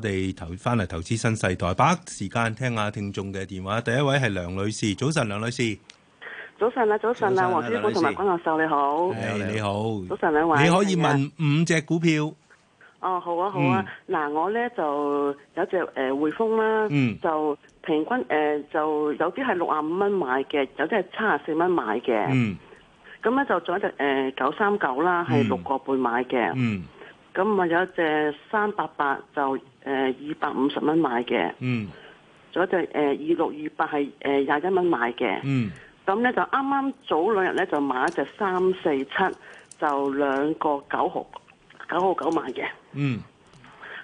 我哋投翻嚟投資新世代，把握時間聽下聽眾嘅電話。第一位係梁女士，早晨，梁女士。早晨啊，早晨啊，黃資本同埋關教授你好。你好，早晨兩位。你可以問五隻股票。哦，好啊，好啊。嗱，我咧就有隻誒匯豐啦，就平均誒就有啲係六十五蚊買嘅，有啲係七十四蚊買嘅。嗯。咁咧就仲有隻誒九三九啦，係六個半買嘅。嗯。咁啊有一隻三八八就，誒二百五十蚊買嘅，嗯，仲有隻誒二六二八係誒廿一蚊、呃呃、買嘅，嗯，咁咧就啱啱早兩日咧就買一隻三四七，就兩個九毫九毫九買嘅，嗯，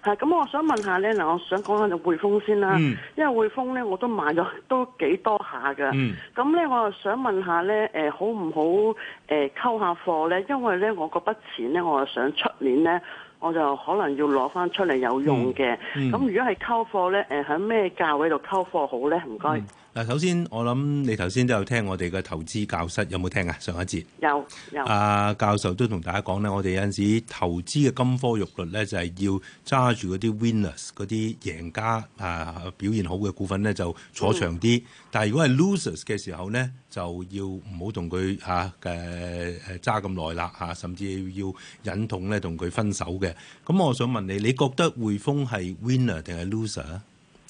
嚇，咁我想問下咧，嗱，我想講下隻匯豐先啦，嗯、因為匯豐咧我都買咗都幾多下噶，咁咧、嗯、我啊想問下咧誒、呃、好唔好誒、呃、溝下貨咧，因為咧我嗰筆錢咧我啊想出年咧。我就可能要攞翻出嚟有用嘅。咁、嗯嗯、如果係溝貨咧，誒、呃，喺咩價位度溝貨好咧？唔該。嗯嗱，首先我諗你頭先都有聽我哋嘅投資教室，有冇聽啊？上一節有有，阿、啊、教授都同大家講咧，我哋有陣時投資嘅金科玉律咧，就係要揸住嗰啲 winners 嗰啲贏家啊表現好嘅股份咧，就坐長啲。嗯、但係如果係 losers 嘅時候咧，就要唔好同佢嚇誒誒揸咁耐啦嚇，甚至要忍痛咧同佢分手嘅。咁我想問你，你覺得匯豐係 winner 定係 loser 啊？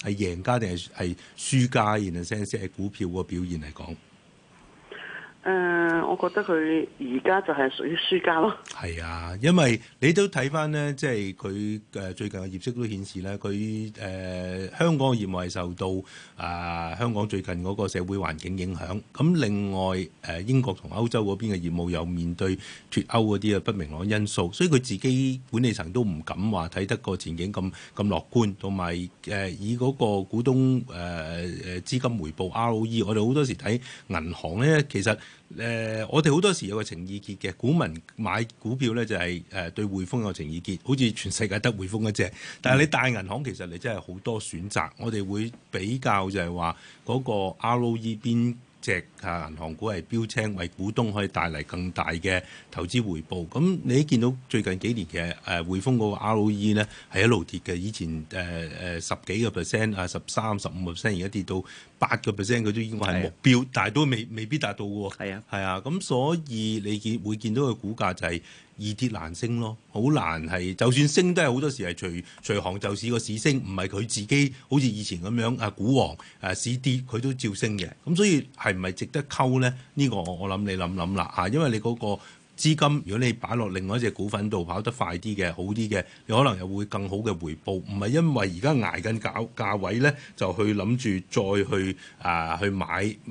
係贏家定係係輸家，然後甚至股票個表現嚟講？誒，uh, 我覺得佢而家就係屬於輸家咯。係啊，因為你都睇返呢，即係佢誒最近嘅業績都顯示咧，佢誒、呃、香港嘅業務係受到啊、呃、香港最近嗰個社會環境影響。咁另外誒、呃、英國同歐洲嗰邊嘅業務又面對脫歐嗰啲啊不明朗因素，所以佢自己管理層都唔敢話睇得個前景咁咁樂觀。同埋誒以嗰個股東誒誒資金回報 ROE，我哋好多時睇銀行咧，其實。誒、呃，我哋好多時有個情意結嘅，股民買股票咧就係、是、誒、呃、對匯豐有情意結，好似全世界得匯豐一隻。但係你大銀行其實你真係好多選擇，我哋會比較就係話嗰個 ROE 邊。隻啊銀行股係標青，為股東可以帶嚟更大嘅投資回報。咁你見到最近幾年其實誒匯豐個 ROE 呢，係一路跌嘅，以前誒誒、呃、十幾個 percent 啊，十三十五 percent，而家跌到八個 percent，佢都已經係目標，啊、但係都未未必達到喎。係啊，係啊，咁所以你見會見到個股價就係、是。易跌難升咯，好難係，就算升都係好多時係隨隨行就市，個市升，唔係佢自己好似以前咁樣啊股王啊市跌佢都照升嘅，咁所以係咪值得溝呢？呢、呢個我我諗你諗諗啦嚇，因為你嗰個資金，如果你擺落另外一隻股份度跑得快啲嘅好啲嘅，你可能又會更好嘅回報。唔係因為而家捱緊價價位呢，就去諗住再去啊去買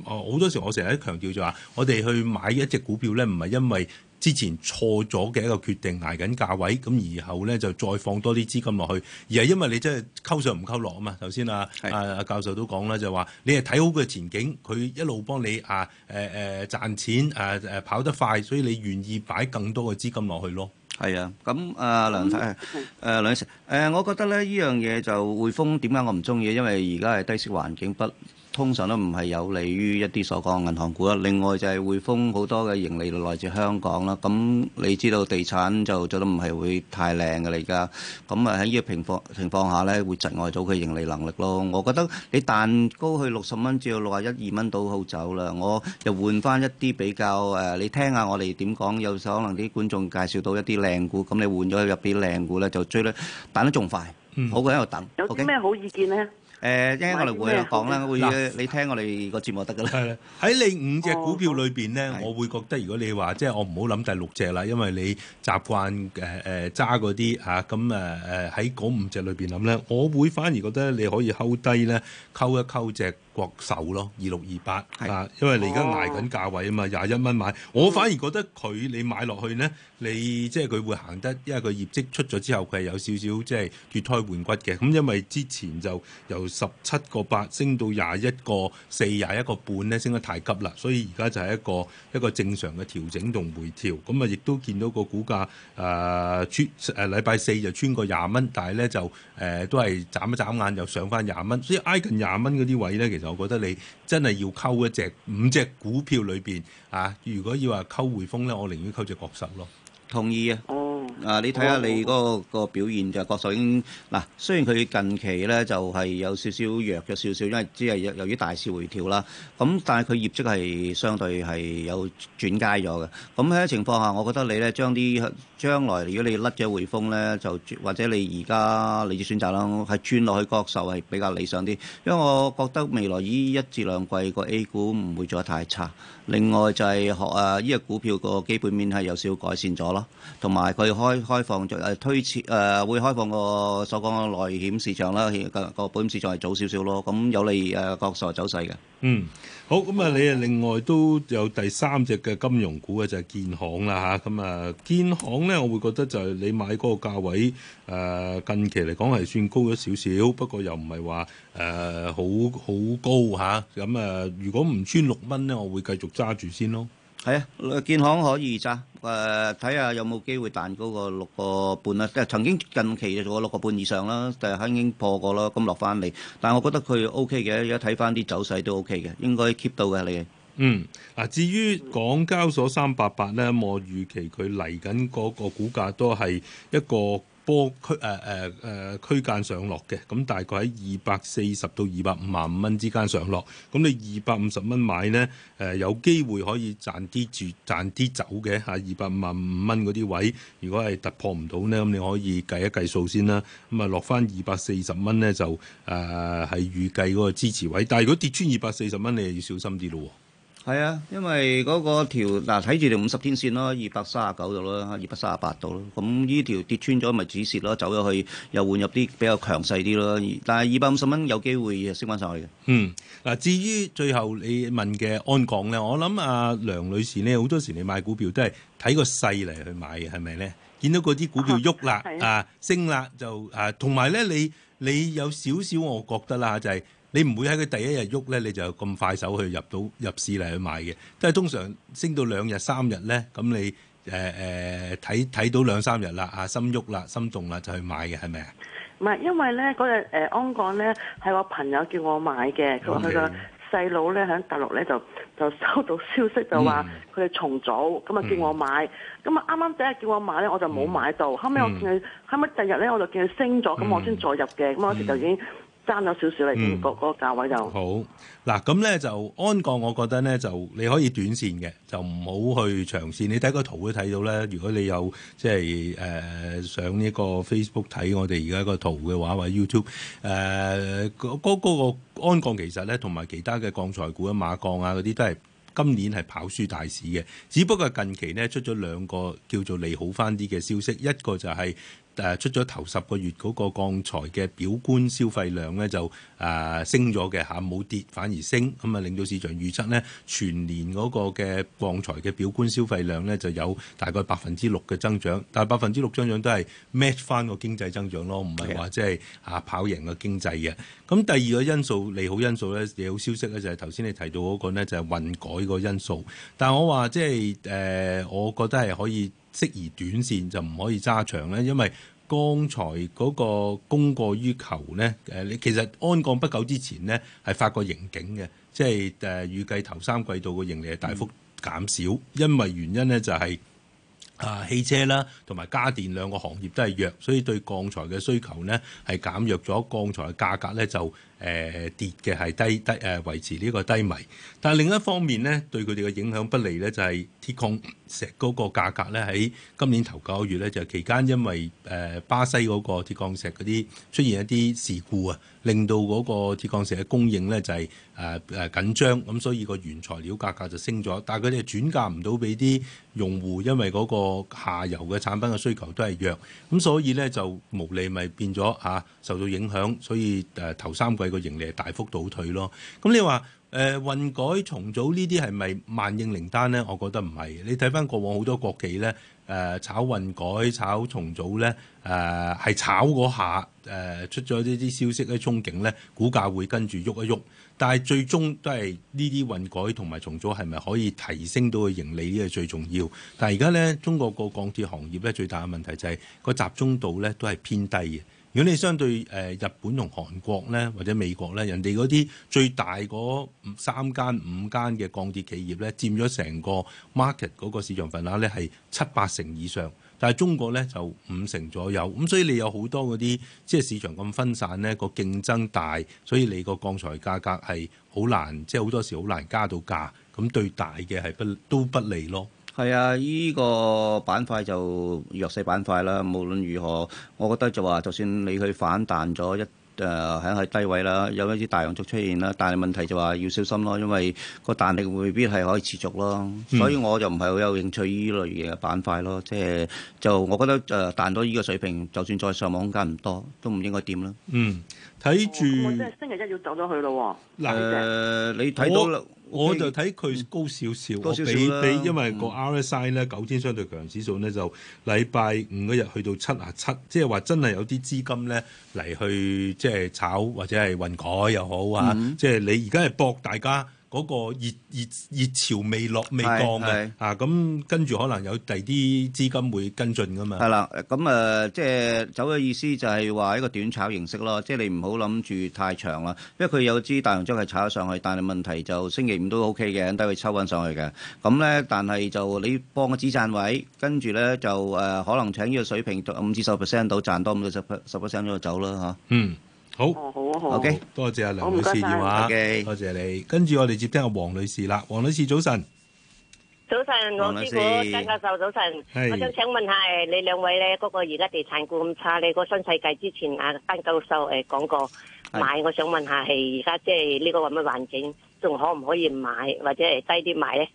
哦好、啊、多時我成日都強調就話，我哋去買一隻股票呢，唔係因為。之前錯咗嘅一個決定捱緊價位，咁然後咧就再放多啲資金落去，而係因為你真係溝上唔溝落啊嘛。頭先啊，阿是、啊、教授都講啦，就話、是、你係睇好佢前景，佢一路幫你啊誒誒賺錢啊誒、啊、跑得快，所以你願意擺更多嘅資金落去咯。係啊，咁、呃、啊梁生誒、呃、梁生、呃呃、我覺得咧呢樣嘢就匯豐點解我唔中意，因為而家係低息環境不通常都唔係有利於一啲所講嘅銀行股啦。另外就係匯豐好多嘅盈利嚟來自香港啦。咁你知道地產就做得唔係會太靚嘅啦而家。咁啊喺呢個情況情況下咧，會窒礙咗佢盈利能力咯。我覺得你彈高去六十蚊至到六啊一二蚊都好走啦。我又換翻一啲比較誒，你聽下我哋點講，有時候可能啲觀眾介紹到一啲靚股，咁你換咗入邊靚股咧，就追咧彈得仲快，好過喺度等。有啲咩好意見咧？誒，因為、呃、是我哋會啦講啦，麼會 你聽我哋個節目得㗎啦。喺 你五隻股票裏邊咧，oh。我會覺得如果你話即係我唔好諗第六隻啦，因為你習慣誒誒揸嗰啲嚇，咁誒誒喺嗰五隻裏邊諗咧，我會反而覺得你可以溝低咧，溝一溝隻。國壽咯，二六二八啊，因為你而家挨緊價位啊嘛，廿一蚊買，我反而覺得佢你買落去呢，你即係佢會行得，因為佢業績出咗之後，佢係有少少即係脫胎換骨嘅。咁因為之前就由十七個八升到廿一個四廿一個半呢，升得太急啦，所以而家就係一個一個正常嘅調整同回調。咁啊，亦都見到個股價誒出誒禮拜四就穿過廿蚊，但係呢就誒、呃、都係眨一眨眼又上翻廿蚊，所以挨近廿蚊嗰啲位呢。其實～我覺得你真係要溝一隻五隻股票裏邊啊！如果要話溝匯豐呢，我寧願溝隻國壽咯。同意啊。啊，你睇下你嗰個，個表現就國壽已經嗱，雖然佢近期咧就係、是、有少少弱咗少少，因為只係由於大市回調啦。咁、啊、但係佢業績係相對係有轉佳咗嘅。咁、啊、喺、嗯、情況下，我覺得你咧將啲將來如果你甩咗匯豐咧，就或者你而家你嘅選擇啦，係轉落去國壽係比較理想啲，因為我覺得未來依一至兩季個 A 股唔會做得太差。另外就係、是、學啊，依、這個股票個基本面係有少少改善咗咯，同埋佢開開放就誒、啊，推遲誒、呃、會開放個所講個內險市場啦，個個保險市場係早少少咯，咁有利誒個數走勢嘅。嗯，好，咁啊，你啊另外都有第三隻嘅金融股嘅就係、是、建行啦吓，咁啊建行咧我會覺得就係你買嗰個價位誒、啊、近期嚟講係算高咗少少，不過又唔係話誒好好高吓，咁啊，啊如果唔穿六蚊咧，我會繼續揸住先咯。係啊，建行可以咋？誒、呃，睇下有冇機會彈高過六個半啦、呃。曾經近期就做過六個半以上啦，就、呃、已經破過咯。咁落翻嚟，但係我覺得佢 O K 嘅，而家睇翻啲走勢都 O K 嘅，應該 keep 到嘅你。嗯，嗱，至於港交所三八八咧，我預期佢嚟緊嗰個股價都係一個。波區誒誒誒區間上落嘅，咁大概喺二百四十到二百五十五蚊之間上落。咁你二百五十蚊買咧，誒、呃、有機會可以賺啲住賺啲走嘅嚇。二百五十五蚊嗰啲位，如果係突破唔到咧，咁你可以計一計數先啦。咁啊落翻二百四十蚊咧，就誒係預計嗰個支持位。但係如果跌穿二百四十蚊，你就要小心啲咯。係啊，因為嗰個條嗱睇住條五十天線咯，二百三十九度咯，二百三十八度咯。咁呢條跌穿咗咪止蝕咯，走咗去又換入啲比較強勢啲咯。但係二百五十蚊有機會升翻上去嘅。嗯，嗱，至於最後你問嘅安港咧，我諗啊梁女士呢，好多時你買股票都係睇個勢嚟去買嘅，係咪咧？見到嗰啲股票喐啦、啊啊，啊升啦，就啊同埋咧，你你有少少我覺得啦、就係，就係。你唔會喺佢第一日喐咧，你就咁快手去入到入市嚟去買嘅。但係通常升到兩日三日咧，咁你誒誒睇睇到兩三日啦，啊心喐啦，心動啦就去買嘅，係咪啊？唔係，因為咧嗰日誒安港咧係我朋友叫我買嘅，佢話佢個細佬咧喺大陸咧就就收到消息就話佢哋重組，咁啊、嗯、叫我買，咁啊啱啱第一日叫我買咧，我就冇買到，嗯、後尾我見佢後尾第二日咧，我就見佢升咗，咁我先再入嘅，咁嗰時就已經。爭咗少少嚟，個、嗯、個價位就好。嗱，咁咧就安鋼，我覺得咧就你可以短線嘅，就唔好去長線。你睇個圖會睇到咧。如果你有即係誒上呢個 Facebook 睇我哋而家個圖嘅話，或者 YouTube 誒、呃、嗰、那個安鋼其實咧，同埋其他嘅鋼材股啊、馬鋼啊嗰啲都係今年係跑輸大市嘅。只不過近期咧出咗兩個叫做利好翻啲嘅消息，一個就係、是。誒出咗頭十個月嗰個鋼材嘅表觀消費量咧就誒升咗嘅嚇，冇跌，反而升，咁啊令到市場預測咧全年嗰個嘅鋼材嘅表觀消費量咧就有大概百分之六嘅增長，但係百分之六增長都係 match 翻個經濟增長咯，唔係話即係啊跑贏個經濟嘅。咁的第二個因素利好因素咧，利好消息咧就係頭先你提到嗰、那個咧就係、是、混改個因素，但係我話即係誒，我覺得係可以適宜短線就唔可以揸長咧，因為鋼材嗰個供過於求呢，誒，你其實安鋼不久之前呢，係發過盈警嘅，即係誒預計頭三季度嘅盈利係大幅減少，因為原因呢就係啊汽車啦同埋家電兩個行業都係弱，所以對鋼材嘅需求呢，係減弱咗，鋼材嘅價格呢就，誒、呃、跌嘅係低低誒、呃、維持呢個低迷，但係另一方面呢，對佢哋嘅影響不利呢，就係鐵礦石嗰個價格呢，喺今年頭九個月呢，就期間因為誒、呃、巴西嗰個鐵礦石嗰啲出現一啲事故啊，令到嗰個鐵礦石嘅供應呢就係誒誒緊張，咁所以個原材料價格就升咗，但係佢哋轉嫁唔到俾啲用戶，因為嗰個下游嘅產品嘅需求都係弱，咁所以呢就無利咪變咗嚇、啊、受到影響，所以誒、啊、頭三個。個盈利係大幅倒退咯，咁、嗯、你話誒混改重組是是呢啲係咪萬應靈丹咧？我覺得唔係，你睇翻過往好多國企咧誒、呃、炒混改炒重組咧誒係炒嗰下誒、呃、出咗呢啲消息咧憧憬咧股價會跟住喐一喐，但係最終都係呢啲混改同埋重組係咪可以提升到個盈利呢？係最重要，但係而家咧中國個鋼鐵行業咧最大嘅問題就係個集中度咧都係偏低嘅。如果你相對誒日本同韓國呢，或者美國呢，人哋嗰啲最大嗰三間五間嘅鋼鐵企業呢佔咗成個 market 嗰個市場份額呢係七八成以上，但係中國呢就五成左右，咁所以你有好多嗰啲即係市場咁分散呢個競爭大，所以你個鋼材價格係好難，即係好多時好難加到價，咁對大嘅係不都不利咯。係啊，依、這個板塊就弱勢板塊啦。無論如何，我覺得就話，就算你去反彈咗一誒喺喺低位啦，有啲大陽燭出現啦，但係問題就話要小心咯，因為個彈力未必係可以持續咯。所以我就唔係好有興趣依類型嘅板塊咯。嗯、即係就我覺得誒彈到依個水平，就算再上網空間唔多，都唔應該掂啦。嗯，睇住。哦、我即係星期一要走咗去咯喎、哦。誒咧、呃，你睇到。Okay, 我就睇佢高少少，我比比因為個 RSI 咧九天相對強弱指數咧就禮拜五嗰日去到七啊七，即係話真係有啲資金咧嚟去即係炒或者係混改又好啊，即係、嗯、你而家係搏大家。嗰個熱熱，熱潮未落未降嘅啊，咁跟住可能有第二啲資金會跟進㗎嘛。係啦，咁誒即係走嘅意思就係話一個短炒形式咯，即係你唔好諗住太長啦，因為佢有支大陽燭係炒咗上去，但係問題就星期五都 O K 嘅，低位抽返上去嘅。咁咧，但係就你幫個止賺位，跟住咧就誒可能請呢個水平五至十 percent 到賺多五到十 percent 左右就走啦嚇。嗯。好，好，好，OK，多謝阿梁女士電話，多謝你。跟住我哋接聽阿黃女士啦，黃女士早晨，早晨，我師傅張教授早晨，早晨我想請問下你兩位咧，嗰、嗰個而家地產股咁差你個新世界之前阿張、啊、教授誒講、呃、過買，是我想問下係而家即係呢個咁嘅環境，仲可唔可以買，或者係低啲買咧？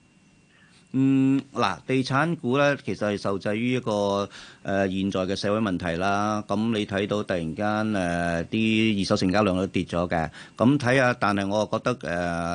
嗯，嗱，地產股咧，其實係受制於一個誒現在嘅社會問題啦。咁你睇到突然間誒啲二手成交量都跌咗嘅。咁睇下，但係我覺得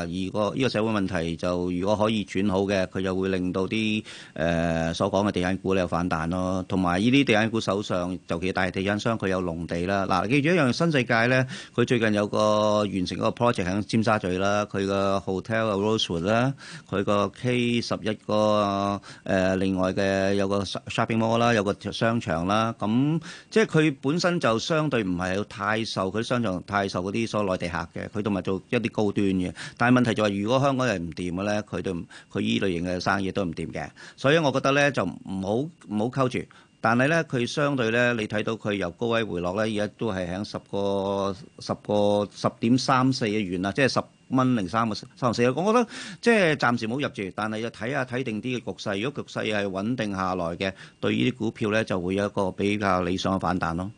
誒，如果依個社會問題就如果可以轉好嘅，佢又會令到啲誒所講嘅地產股咧又反彈咯。同埋依啲地產股手上，尤其大地產商佢有農地啦。嗱，記住一樣新世界咧，佢最近有個完成一個 project 喺尖沙咀啦，佢個 hotel 啊 Rosewood 啦，佢個 K 十一。個誒另外嘅有個 shopping mall 啦，有個商場啦，咁即係佢本身就相對唔係太受佢商場太受嗰啲所謂內地客嘅，佢同埋做一啲高端嘅。但係問題就話如果香港人唔掂嘅咧，佢都佢依類型嘅生意都唔掂嘅。所以我覺得咧就唔好唔好溝住，但係咧佢相對咧你睇到佢由高位回落咧，而家都係喺十個十個十點三四嘅元啦，即係十。蚊零三個三四啊！我覺得即係暫時冇入住，但係要睇下睇定啲嘅局勢。如果局勢係穩定下來嘅，對於啲股票咧就會有一個比較理想嘅反彈咯。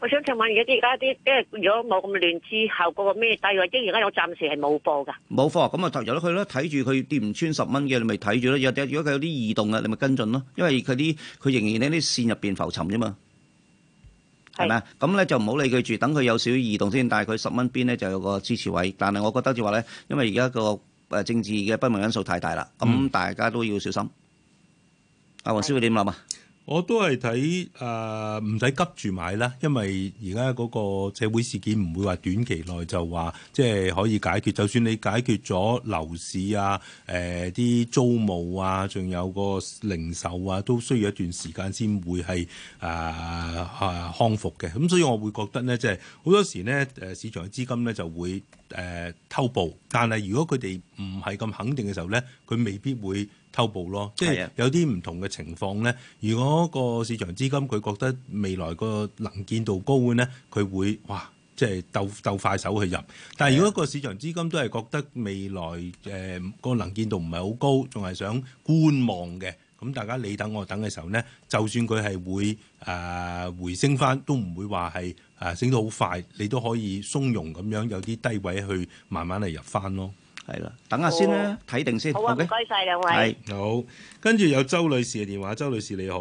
我想請問而家啲而家啲，即係如果冇咁亂之後嗰個咩低位，即係而家我暫時係冇貨㗎。冇貨咁啊，入咗去咯，睇住佢跌唔穿十蚊嘅，你咪睇住咯。有啲如果佢有啲異動啊，你咪跟進咯。因為佢啲佢仍然喺啲線入邊浮沉啫嘛。係咪啊？咁咧就唔好理佢住，等佢有少少移動先。但係佢十蚊邊咧就有個支持位。但係我覺得就話呢，因為而家個政治嘅不明因素太大啦，咁、嗯、大家都要小心。阿、啊、黃師傅點諗啊？我都係睇誒，唔、呃、使急住買啦，因為而家嗰個社會事件唔會話短期內就話即係可以解決。就算你解決咗樓市啊、誒、呃、啲租務啊，仲有個零售啊，都需要一段時間先會係誒誒康復嘅。咁所以我會覺得咧，即係好多時咧誒市場嘅資金咧就會誒、呃、偷步，但係如果佢哋唔係咁肯定嘅時候咧，佢未必會。抽步咯，即係有啲唔同嘅情況呢。如果個市場資金佢覺得未來個能見度高嘅呢，佢會哇，即係鬥鬥快手去入。但係如果個市場資金都係覺得未來誒個能見度唔係好高，仲係想觀望嘅，咁大家你等我等嘅時候呢，就算佢係會誒回升翻，都唔會話係誒升得好快，你都可以鬆容咁樣有啲低位去慢慢嚟入翻咯。係啦，等下先啦，睇好定先。好啊，唔該晒兩位。係好，跟住有周女士嘅電話，周女士你好。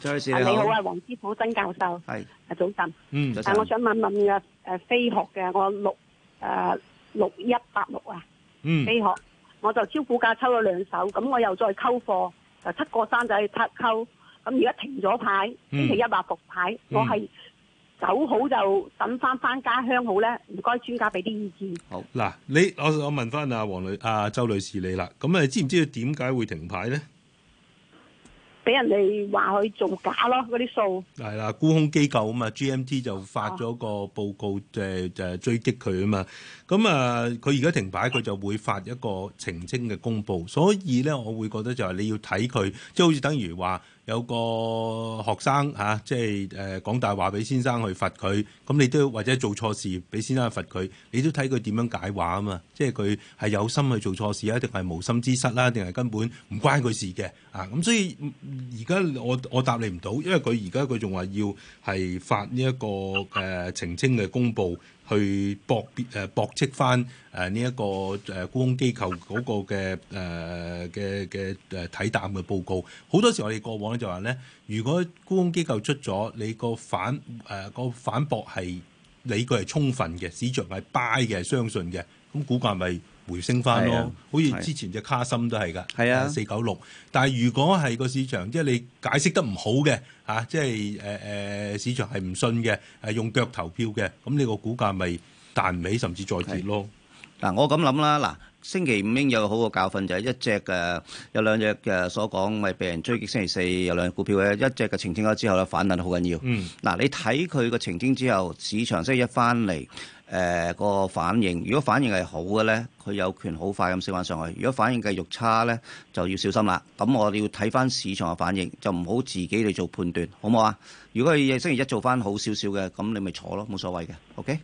周女士你好啊，黃師傅，曾教授。係是。啊，早晨。嗯，但、啊、我想問問嘅誒飛鶴嘅我六誒、呃、六一八六啊，飛、嗯、鶴，我就超股價抽咗兩手，咁我又再溝貨，誒七個山仔去拆溝，咁而家停咗牌，星期一話復牌，我係、嗯。走好就等翻翻家鄉好咧，唔該專家俾啲意見。好嗱，你我我問翻阿王女啊，周女士你啦，咁啊知唔知道點解會停牌咧？俾人哋話佢做假咯，嗰啲數係啦，沽空機構啊嘛，GMT 就發咗個報告，就誒、啊、追擊佢啊嘛。咁啊，佢而家停牌，佢就會發一個澄清嘅公佈，所以咧，我會覺得就係你要睇佢，即係好似等於話。有個學生嚇、啊，即係誒、呃、講大話俾先生去罰佢。咁你都要，或者做錯事俾先生去罰佢，你都睇佢點樣解話啊嘛？即係佢係有心去做錯事，一定係無心之失啦，定係根本唔關佢事嘅啊！咁所以而家我我答你唔到，因為佢而家佢仲話要係發呢、這、一個誒、呃、澄清嘅公佈。去駁駁別誒斥翻誒呢一個誒沽空機構嗰個嘅誒嘅嘅誒睇淡嘅報告，好多時我哋過往咧就話咧，如果沽空機構出咗你個反誒個、呃、反駁係理據係充分嘅，市場係 buy 嘅，相信嘅，咁、嗯、估計係咪？回升翻咯，啊、好似之前隻卡森都係噶，四九六。呃、96，但係如果係個市場，即係你解釋得唔好嘅嚇、啊，即係誒誒市場係唔信嘅，係用腳投票嘅，咁你個股價咪彈唔起，甚至再跌咯。嗱、啊，我咁諗啦，嗱，星期五已經有個好嘅教訓就係、是、一隻嘅有兩隻嘅所講，咪被人追擊。星期四有兩隻股票嘅，一隻嘅澄清咗之後咧，反彈得好緊要。嗱、嗯，你睇佢個澄清之後，市場即係一翻嚟。誒、呃那個反應，如果反應係好嘅呢，佢有權好快咁升翻上去；如果反應繼續差呢，就要小心啦。咁我哋要睇翻市場嘅反應，就唔好自己嚟做判斷，好冇啊？如果佢星期一做翻好少少嘅，咁你咪坐咯，冇所謂嘅，OK？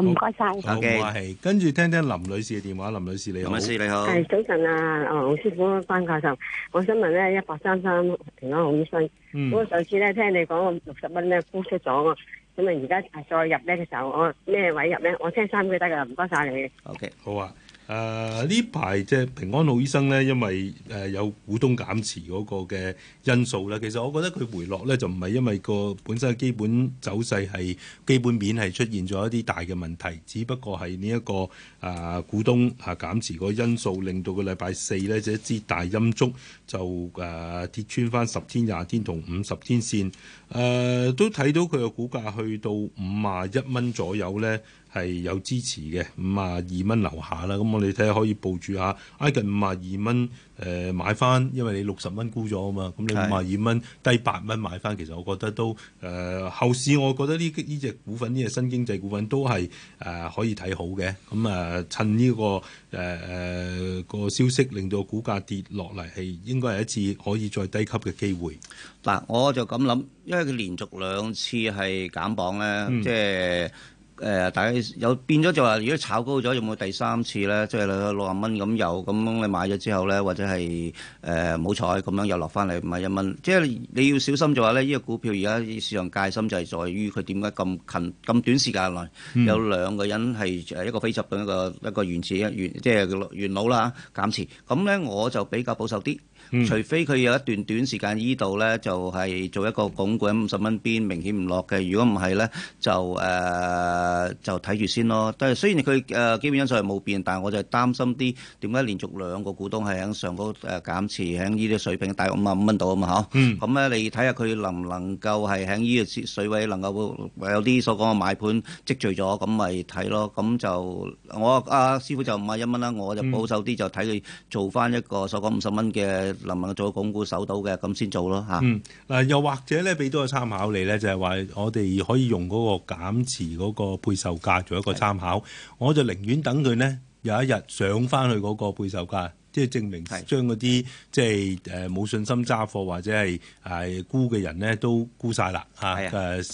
唔該晒。好，我係跟住聽聽林女士嘅電話。林女士你好，林女士你好，係早晨啊，老師傅關教授，我想問咧，一百三三平安好醫生，咁啊上次咧聽你講六十蚊咧沽出咗，咁啊而家再入咧嘅時候，我咩位入咧？我聽三倍得噶啦，唔該晒你。O K，好啊。誒呢排即係平安好醫生咧，因為誒、呃、有股東減持嗰個嘅因素咧，其實我覺得佢回落咧就唔係因為個本身嘅基本走勢係基本面係出現咗一啲大嘅問題，只不過係呢一個誒、呃、股東啊減持個因素，令到個禮拜四咧就一支大陰燭就誒、呃、跌穿翻十天、廿天同五十天線，誒、呃、都睇到佢嘅股價去到五啊一蚊左右咧。係有支持嘅五啊二蚊樓下啦，咁我哋睇下可以部署下挨近五啊二蚊，誒、呃、買翻，因為你六十蚊沽咗啊嘛，咁你五啊二蚊低八蚊買翻，其實我覺得都誒、呃、後市，我覺得呢呢隻股份，呢隻新經濟股份都係誒、呃、可以睇好嘅。咁、呃、啊，趁呢、這個誒誒、呃那個消息令到股價跌落嚟，係應該係一次可以再低級嘅機會。嗱、嗯，我就咁諗，因為佢連續兩次係減磅咧，即係。誒、呃，大家有變咗就話、是，如果炒高咗，有冇第三次咧？即係六六十蚊咁有，咁你買咗之後咧，或者係誒冇彩，咁樣又落翻嚟五啊一蚊。即係你要小心就話咧，呢、這個股票而家市場戒心就係在於佢點解咁近咁短時間內、嗯、有兩個人係一個非執，一個一個原始元即係元老啦減持。咁咧我就比較保守啲，嗯、除非佢有一段短時間依度咧就係、是、做一個鞏固五十蚊邊明顯唔落嘅。如果唔係咧，就誒。呃呃誒、呃、就睇住先咯。都係雖然佢誒、呃、基本因素係冇變，但係我就係擔心啲點解連續兩個股東係喺上高誒、呃、減持，喺呢啲水平，大約五萬、嗯、啊五蚊度啊嘛，嚇。咁咧，你睇下佢能唔能夠係喺呢個水位能夠有啲所講嘅買盤積聚咗，咁咪睇咯。咁就我阿、啊、師傅就買一蚊啦，我就保守啲、嗯、就睇佢做翻一個所講五十蚊嘅能唔能夠做鞏固守到嘅，咁先做咯嚇。嗱、啊嗯，又或者咧，俾多個參考你咧，就係、是、話我哋可以用嗰個減持嗰、那個，配售價做一個參考，我就寧願等佢呢有一日上翻去嗰個配售價，即係證明將嗰啲即係誒冇信心揸貨或者係誒沽嘅人呢都沽晒啦嚇，誒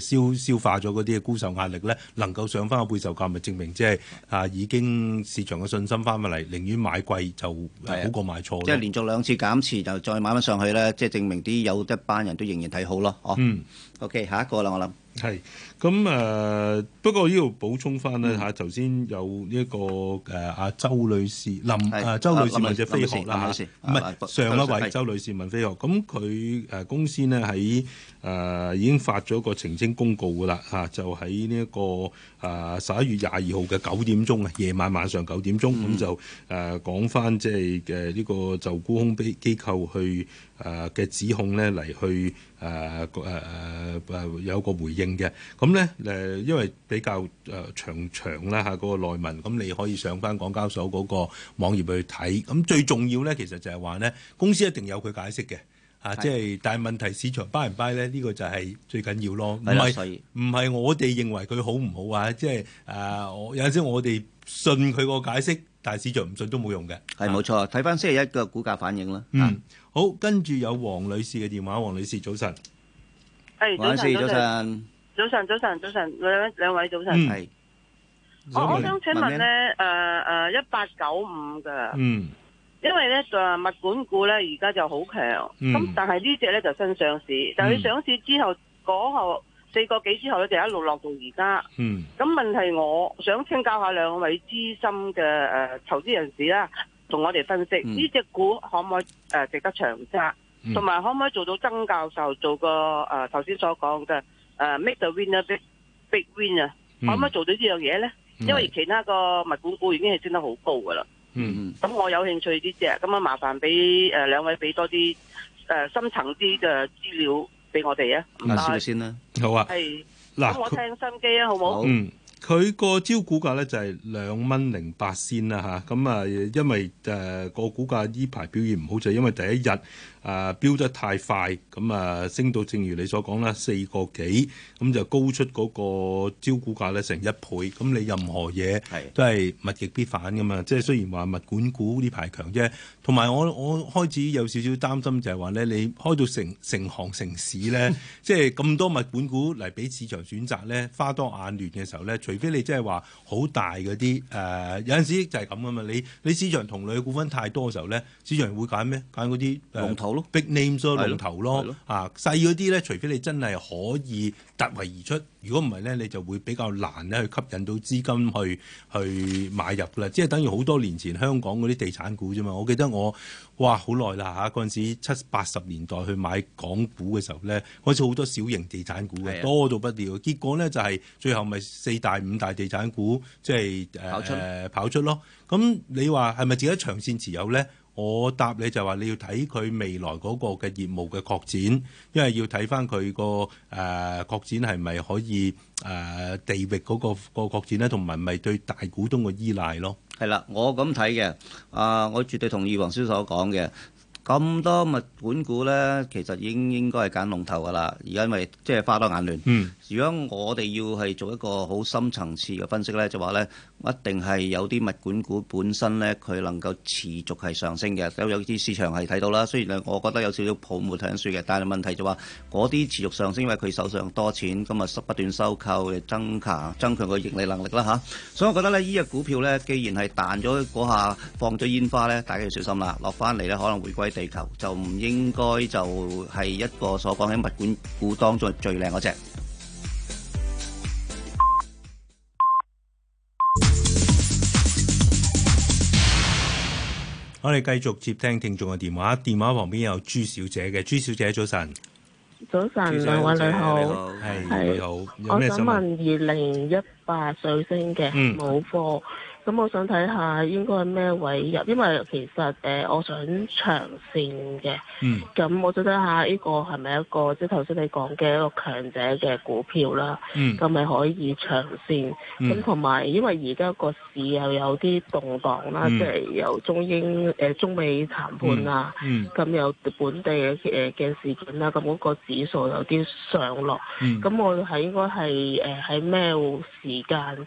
誒消消化咗嗰啲沽售壓力咧，能夠上翻個配售價，咪證明即係啊已經市場嘅信心翻返嚟。寧願買貴就好過買錯。即係連續兩次減持就再買翻上去咧，即係證明啲有一班人都仍然睇好咯。哦，嗯，OK，下一個啦，我諗係。咁誒，不過呢度補充翻咧嚇，頭先有呢一個誒阿周女士、林、誒周女士問隻飛鶴啦，唔係上一位周女士問飛鶴，咁佢誒公司呢喺誒已經發咗個澄清公告嘅啦嚇，就喺呢一個誒十一月廿二號嘅九點鐘啊，夜晚晚上九點鐘咁就誒講翻即係誒呢個就沽空機機構去誒嘅指控呢，嚟去誒誒誒有個回應嘅。咁咧，誒、嗯，因為比較誒長長啦吓，嗰、嗰個內文，咁你可以上翻港交所嗰個網頁去睇。咁最重要咧，其實就係話咧，公司一定有佢解釋嘅，啊，的即係，但係問題市場掰唔掰咧？的買買呢、呢個就係最緊要咯，唔係唔係我哋認為佢好唔好啊？即係誒，有陣時我哋信佢個解釋，但係市場唔信都冇用嘅。係冇錯，睇翻、啊、星期一嘅股價反應啦。嗯，好，跟住有黃女士嘅電話，黃女士早晨。係，黃女士早晨。早晨早晨早晨兩兩位早晨，係、嗯，我我想請問咧，誒誒一八九五嘅，呃、嗯，因為咧就物管股咧而家就好強，咁、嗯、但係呢隻咧就新上市，但、就、係、是、上市之後嗰後四個幾之後咧就一路落到而家，嗯，咁問題我想請教下兩位資深嘅誒、呃、投資人士啦，同我哋分析呢隻、嗯、股可唔可以誒、呃、值得長揸，同埋可唔可以做到曾教授做個誒頭先所講嘅？誒、uh，make the win 啊，big big win，嗯、啊，可唔可以做到呢樣嘢咧？嗯、因為其他個物管股，股已經係升得好高噶啦，咁、嗯、我有興趣啲隻，咁啊麻煩俾誒、呃、兩位俾多啲誒、呃、深層啲嘅資料俾我哋、嗯、啊，唔該先啦吧，是好啊，係，嗱我聽心機啊，啦好唔嗎好？嗯佢個招股價咧就係兩蚊零八仙啦嚇，咁啊因為誒個、呃、股價依排表現唔好就係、是、因為第一日誒、呃、飆得太快，咁啊升到正如你所講啦四個幾，咁、嗯、就高出嗰個招股價咧成一倍，咁你任何嘢都係物極必反㗎嘛。即係的雖然話物管股呢排強啫。同埋我我開始有少少擔心，就係話咧，你開到成成行成市咧，即係咁多物管股嚟俾市場選擇咧，花多眼亂嘅時候咧，除非你即係話好大嗰啲誒，有陣時就係咁噶嘛，你你市場同類嘅股份太多嘅時候咧，市場會揀咩？揀嗰啲龍頭咯，big names 嘅龍頭咯，頭咯啊細嗰啲咧，除非你真係可以。突圍而出，如果唔係咧，你就會比較難咧去吸引到資金去去買入噶啦。即係等於好多年前香港嗰啲地產股啫嘛。我記得我哇好耐啦嚇，嗰陣時七八十年代去買港股嘅時候咧，開始好多小型地產股嘅多到不掉，結果咧就係最後咪四大五大地產股即係誒、呃、跑出跑出咯。咁你話係咪自己長線持有咧？我答你就話你要睇佢未來嗰個嘅業務嘅擴展，因為要睇返佢個誒擴展係咪可以誒、呃、地域嗰、那個、這個擴展咧，同埋咪對大股東嘅依賴咯。係啦，我咁睇嘅，啊、呃，我絕對同意黃師所講嘅。咁多物管股咧，其實已經應應該係揀龍頭㗎啦。而家因為即係花多眼亂。嗯、如果我哋要係做一個好深層次嘅分析咧，就話咧一定係有啲物管股本身咧，佢能夠持續係上升嘅。有有啲市場係睇到啦。雖然我覺得有少少泡沫睇緊水嘅，但係問題就話嗰啲持續上升，因為佢手上多錢，咁啊不斷收購，增強增強佢盈利能力啦吓、啊，所以我覺得呢，依、這個股票咧，既然係彈咗嗰下，放咗煙花咧，大家要小心啦。落翻嚟咧，可能回歸。地球就唔應該就係一個所講喺物管股當中最靚嗰隻。我哋繼續接聽聽眾嘅電話，電話旁邊有朱小姐嘅，朱小姐早晨。早晨，兩位你好，係是你好，是想我想問二零一八上升嘅冇貨。嗯咁我想睇下應該係咩位入，因為其實誒、呃、我想長線嘅，咁、嗯、我想睇下呢個係咪一個即係頭先你講嘅一個強者嘅股票啦，咁咪、嗯、可以長線。咁同埋因為而家個市又有啲動盪啦，嗯、即係由中英誒、呃、中美談判啊，咁、嗯嗯、有本地嘅誒嘅事件啦，咁嗰個指數有啲上落，咁、嗯、我係應該係誒喺咩時間？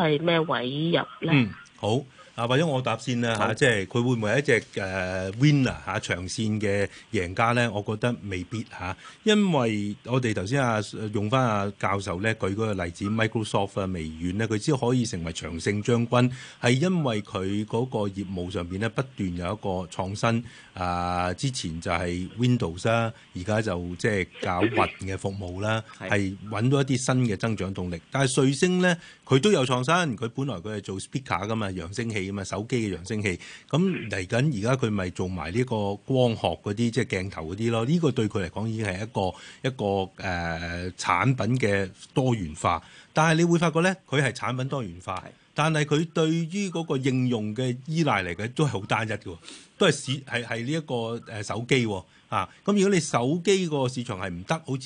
係咩位入咧？嗯，好。啊，或者我答先啦吓、啊，即係佢會唔會係一隻誒、uh, winner 吓、啊、長線嘅贏家咧？我覺得未必吓、啊，因為我哋頭先啊，啊用翻阿教授咧舉個例子，Microsoft 啊、微軟咧，佢只可以成為長勝將軍，係因為佢個業務上邊咧不斷有一個創新。啊，之前就係 Windows 啦、啊，而家就即係搞雲嘅服務啦，係揾、嗯、是到一啲新嘅增長動力。但係瑞星咧，佢都有創新，佢本來佢係做 speaker 噶嘛，揚聲器。手機嘅揚聲器，咁嚟緊而家佢咪做埋呢個光學嗰啲，即係鏡頭嗰啲咯。呢、這個對佢嚟講已經係一個一個誒、呃、產品嘅多元化。但係你會發覺咧，佢係產品多元化，但係佢對於嗰個應用嘅依賴嚟嘅都係好單一嘅，都係使係係呢一個誒、呃、手機。啊！咁如果你手機個市場係唔得，好似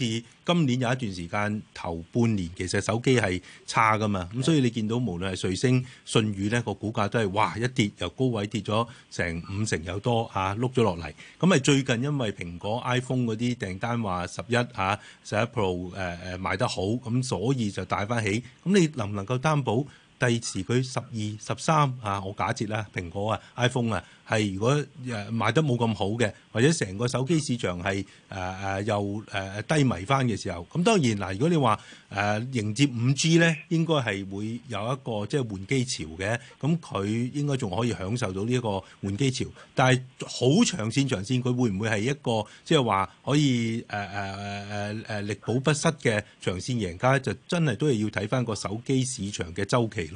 今年有一段時間，頭半年其實手機係差㗎嘛，咁的所以你見到無論係瑞星、信宇呢個股價都係哇一跌又高位跌咗成五成有多吓，碌咗落嚟。咁咪、啊、最近因為蘋果 iPhone 嗰啲訂單話十一吓十一 Pro 誒誒賣得好，咁所以就帶翻起。咁你能唔能夠擔保？第時佢十二、十三啊，我假設啦，蘋果啊、iPhone 啊，係如果誒賣得冇咁好嘅，或者成個手機市場係誒誒又誒低迷翻嘅時候，咁當然嗱，如果你話誒迎接五 G 咧，應該係會有一個即係換機潮嘅，咁佢應該仲可以享受到呢一個換機潮，但係好長線長線，佢會唔會係一個即係話可以誒誒誒誒誒力保不失嘅長線贏家，就真係都係要睇翻個手機市場嘅周期。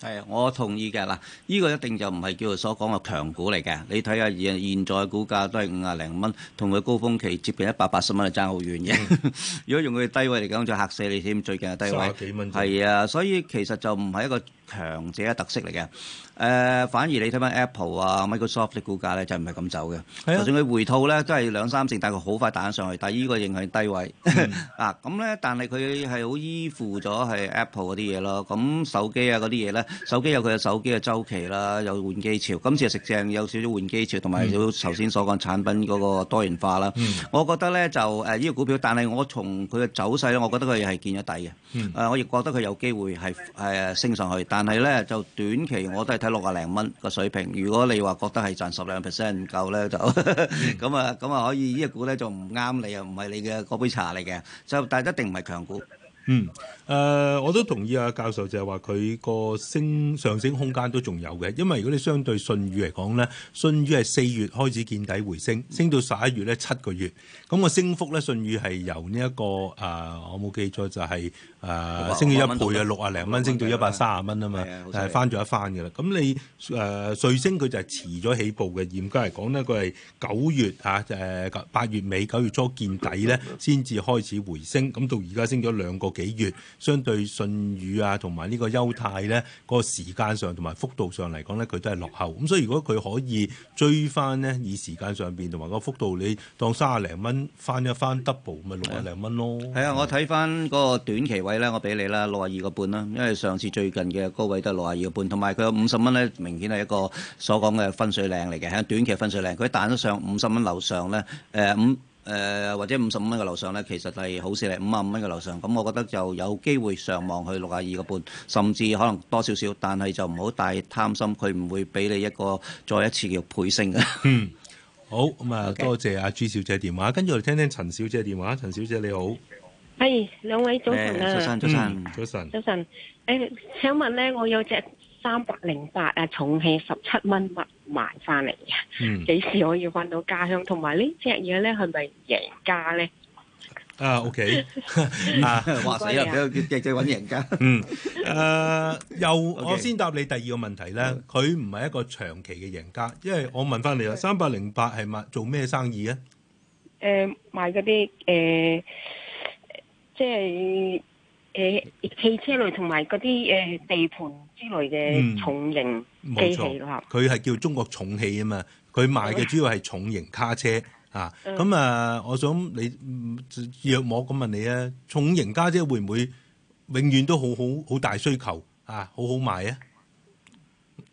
係，我同意嘅嗱，呢、這個一定就唔係叫佢所講嘅強股嚟嘅。你睇下現現在嘅股價都係五呀零蚊，同佢高峰期接近一百八十蚊，係爭好遠嘅。 如果用佢低位嚟講，就嚇死你添。最近係低位，三十幾蚊。係啊，所以其實就唔係一個強者嘅特色嚟嘅。誒，反而你睇翻 Apple 啊、Microsoft 啲股價咧，就唔係咁走嘅。就算佢回吐咧，都係兩三成，但係佢好快彈上去。但係依個仍係低位啊。咁咧，但係佢係好依附咗係 Apple 嗰啲嘢咯。咁手機啊嗰啲嘢咧，手機有佢嘅手機嘅週期啦，有換機潮。今次係食正有少少換機潮，同埋頭先所講產品嗰個多元化啦。我覺得咧就誒依個股票，但係我從佢嘅走勢咧，我覺得佢係見咗底嘅。誒，我亦覺得佢有機會係誒升上去，但係咧就短期我都係。睇六十零蚊個水平，如果你話覺得係賺十兩 percent 唔夠咧，就咁啊，咁 啊可以呢個股咧就唔啱你啊，唔係你嘅嗰杯茶嚟嘅，就但係一定唔係強股。嗯，誒、呃，我都同意啊，教授就係話佢個升上升空間都仲有嘅，因為如果你相對信譽嚟講咧，信譽係四月開始見底回升，升到十一月咧七個月，咁、那個升幅咧，信譽係由呢、這、一個誒、呃，我冇記錯就係、是、誒、呃、說升到一倍啊，六啊零蚊升到一百三十蚊啊嘛，係翻咗一番嘅啦。咁你誒瑞星佢就係遲咗起步嘅，嚴格嚟講咧，佢係九月嚇誒八月尾九月初見底咧，先至開始回升，咁到而家升咗兩個。幾月相對信譽啊，同埋呢個優貸呢個時間上同埋幅度上嚟講呢，佢都係落後。咁所以如果佢可以追翻呢，以時間上邊同埋個幅度，你當三十零蚊翻一翻 double，咪六十零蚊咯。係啊的，我睇翻嗰個短期位呢，我俾你啦，六十二個半啦，因為上次最近嘅高位都係六十二個半，同埋佢有五十蚊呢，明顯係一個所講嘅分水嶺嚟嘅。喺短期分水嶺，佢彈得上五十蚊樓上呢。誒、呃、五。5, 誒、呃、或者五十五蚊嘅樓上咧，其實係好勢好事咧，五十五蚊嘅樓上，咁、嗯、我覺得就有機會上望去六啊二個半，甚至可能多少少，但係就唔好太貪心，佢唔會俾你一個再一次嘅倍升嘅。 嗯，好咁啊，多謝阿朱小姐電話，跟住我哋聽聽陳小姐電話。陳小姐你好，係兩、hey, 位早晨早晨早晨、嗯、早晨早晨。誒，請問咧，我有隻。三百零八啊，重汽十七蚊買買翻嚟嘅，幾時可以翻到家鄉？同埋呢隻嘢咧，係咪贏家咧？啊，OK，話死啦，隻隻揾贏家。嗯，誒，又我先答你第二個問題啦。佢唔係一個長期嘅贏家，因為我問翻你啦，三百零八係賣做咩生意啊？誒、呃，賣嗰啲誒，即係誒汽車類同埋嗰啲誒地盤。之類嘅重型機器啦，佢係叫中國重汽啊嘛，佢賣嘅主要係重型卡車啊。咁啊，我想你如果我咁問你啊，重型卡車會唔會永遠都好好好大需求啊？好好賣啊？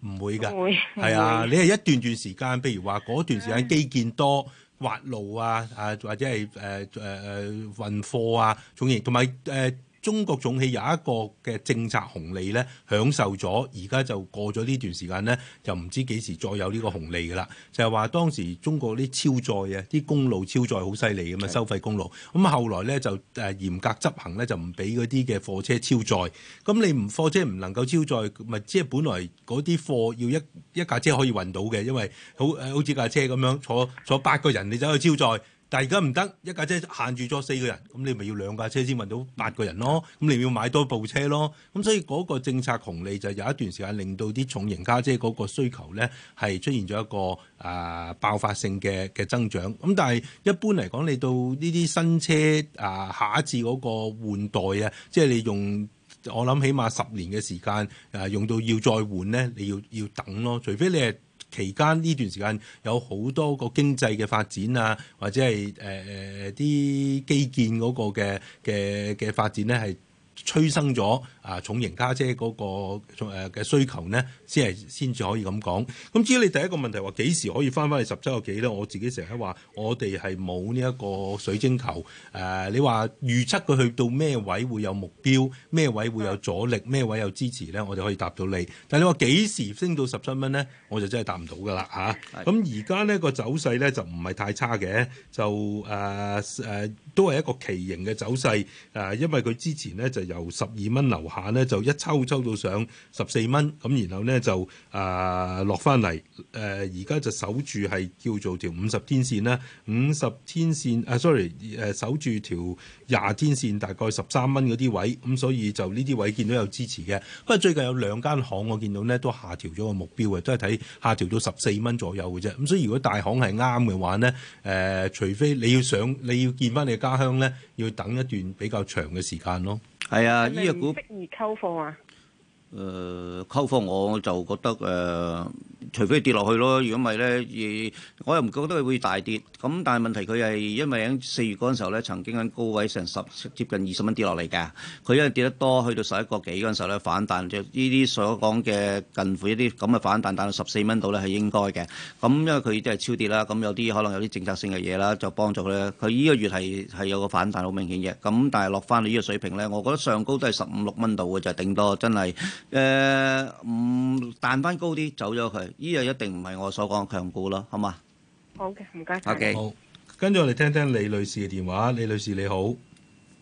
唔會㗎，係啊，你係一段段時間，譬如話嗰段時間基建多挖路啊啊，或者係誒誒誒運貨啊，重型同埋誒。中國重汽有一個嘅政策紅利咧，享受咗，而家就過咗呢段時間咧，就唔知幾時再有呢個紅利噶啦。就係話當時中國啲超載啊，啲公路超載好犀利㗎嘛，收費公路。咁後來咧就誒嚴格執行咧，就唔俾嗰啲嘅貨車超載。咁你唔貨車唔能夠超載，咪即係本來嗰啲貨要一一架車可以運到嘅，因為好誒好似架車咁樣坐坐八個人，你走去超載，但係而家唔得，一架車限住咗四個人，咁你咪要兩架車先運到八個人咯。咁你要買多部車咯。咁所以嗰個政策紅利就有一段時間令到啲重型家姐嗰個需求咧係出現咗一個啊爆發性嘅嘅增長。咁但係一般嚟講，你到呢啲新車啊下一次嗰個換代啊，即係你用我諗起碼十年嘅時間啊，用到要再換咧，你要要等咯。除非你係。期間呢段時間有好多個經濟嘅發展啊，或者係誒誒啲基建嗰個嘅嘅嘅發展咧係，催生咗啊重型家車嗰個誒嘅需求咧，先係先至可以咁講。咁至於你第一個問題話幾時可以返返去十七個幾咧？我自己成日話我哋係冇呢一個水晶球誒、啊。你話預測佢去到咩位會有目標，咩位會有阻力，咩位有支持咧？我就可以答到你。但係你話幾時升到十七蚊咧？我就真係答唔到㗎啦嚇。咁而家呢個走勢咧就唔係太差嘅，就誒誒、啊啊、都係一個奇形嘅走勢誒、啊，因為佢之前咧就。由十二蚊樓下咧，就一抽抽到上十四蚊，咁然後咧就啊落翻嚟，誒而家就守住係叫做條五十天線啦，五十天線啊，sorry 誒守住條廿天線，大概十三蚊嗰啲位，咁所以就呢啲位見到有支持嘅。不過最近有兩間行我見到咧都下調咗個目標嘅，都係睇下調到十四蚊左右嘅啫。咁所以如果大行係啱嘅話咧，誒、呃、除非你要上，你要見翻你嘅家鄉咧，要等一段比較長嘅時間咯。係啊，醫藥股適宜溝貨啊？誒溝貨我就覺得誒、呃，除非跌落去咯，如果唔係咧，我又唔覺得佢會大跌。咁但係問題佢係因為喺四月嗰陣時候咧，曾經喺高位成十接近二十蚊跌落嚟嘅。佢因為跌得多，去到十一個幾嗰陣時候咧反彈，就呢啲所講嘅近乎一啲咁嘅反彈，彈到十四蚊度咧係應該嘅。咁因為佢都係超跌啦，咁有啲可能有啲政策性嘅嘢啦，就幫助咧。佢呢個月係係有個反彈好明顯嘅。咁但係落翻到呢個水平咧，我覺得上高都係十五六蚊度嘅就係、是、頂多，真係。誒唔、uh, 彈翻高啲走咗佢，呢樣一定唔係我所講強固囉，好嘛？好嘅，唔該曬。OK，好，跟住我哋聽聽李女士嘅電話。李女士你好。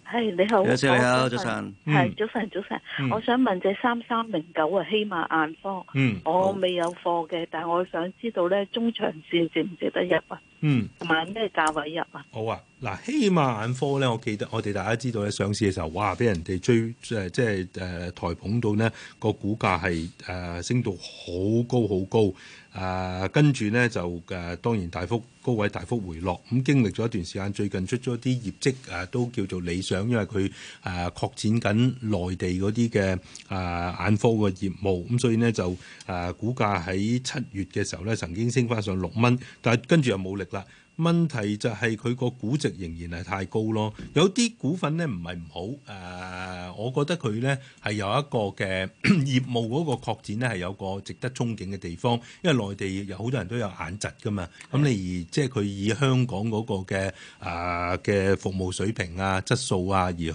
係、hey, 你好，你好早晨。係早晨，早晨，早嗯、我想問隻三三零九啊，希瑪眼科，嗯，我未有貨嘅，好但係我想知道咧，中長線值唔值得入啊？嗯，同埋咩價位入啊？好啊，嗱，希瑪眼科咧，我記得我哋大家知道咧，上市嘅時候，話俾人哋追，即係即係誒抬捧到呢個股價係誒升到好高好高。誒、啊、跟住咧就誒、啊、當然大幅高位大幅回落，咁、嗯、經歷咗一段時間，最近出咗啲業績誒、啊、都叫做理想，因為佢誒、啊、擴展緊內地嗰啲嘅誒眼科嘅業務，咁、嗯、所以呢，就誒、啊、股價喺七月嘅時候咧曾經升返上六蚊，但係跟住又冇力啦。問題就係佢個估值仍然係太高咯。有啲股份咧唔係唔好，誒，我覺得佢咧係有一個嘅業務嗰個擴展咧係有個值得憧憬嘅地方，因為內地有好多人都有眼疾㗎嘛。咁你而即係佢以香港嗰個嘅誒嘅服務水平啊、質素啊而去